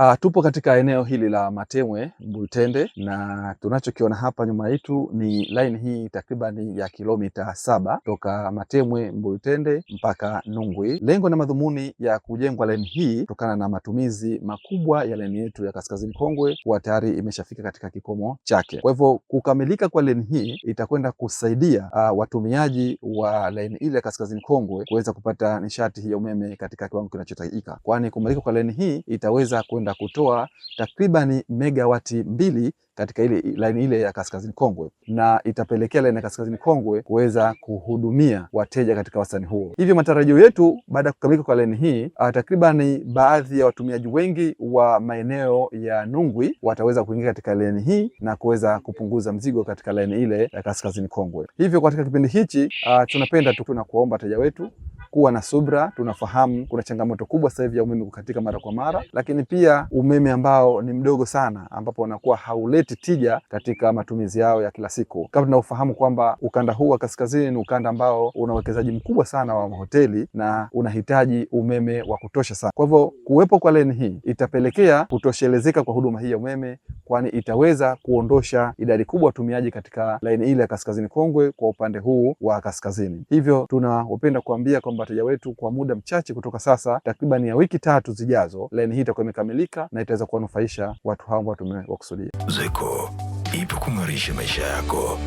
Uh, tupo katika eneo hili la Matemwe Mbuyutende na tunachokiona hapa nyuma yetu ni line hii takriban ya kilomita saba toka Matemwe Mbuyutende mpaka Nungwi. Lengo na madhumuni ya kujengwa line hii kutokana na matumizi makubwa ya line yetu ya Kaskazini Kongwe kuwa tayari imeshafika katika kikomo chake. Kwa hivyo kukamilika kwa line hii itakwenda kusaidia uh, watumiaji wa line ile ya Kaskazini Kongwe kuweza kupata nishati ya umeme katika kiwango kinachotakika kwani kumalika kwa line hii itaweza kwenda kwenda kutoa takribani megawati mbili katika ile laini ile ya Kaskazini Kongwe, na itapelekea laini ya Kaskazini Kongwe kuweza kuhudumia wateja katika wastani huo. Hivyo matarajio yetu baada ya kukamilika kwa laini hii, ah, takribani baadhi ya watumiaji wengi wa maeneo ya Nungwi wataweza kuingia katika laini hii na kuweza kupunguza mzigo katika laini ile ya Kaskazini Kongwe. Hivyo katika kipindi hichi, ah, tunapenda tu na kuwaomba wateja wetu kuwa na subra. Tunafahamu kuna changamoto kubwa sasa hivi ya umeme kukatika mara kwa mara, lakini pia umeme ambao ni mdogo sana, ambapo unakuwa hauleti tija katika matumizi yao ya kila siku. Kama tunavyofahamu kwamba ukanda huu wa kaskazini ni ukanda ambao una uwekezaji mkubwa sana wa mahoteli na unahitaji umeme wa kutosha sana. Kwa hivyo kuwepo kwa leni hii itapelekea kutoshelezeka kwa huduma hii ya umeme kwani itaweza kuondosha idadi kubwa watumiaji katika laini ile ya Kaskazini Kongwe kwa upande huu wa kaskazini. Hivyo tunawapenda kuambia kwamba wateja wetu, kwa muda mchache kutoka sasa, takriban ya wiki tatu zijazo, laini hii itakuwa imekamilika na itaweza kuwanufaisha watu hao ambao tumewakusudia. ZECO ipo kung'arisha maisha yako.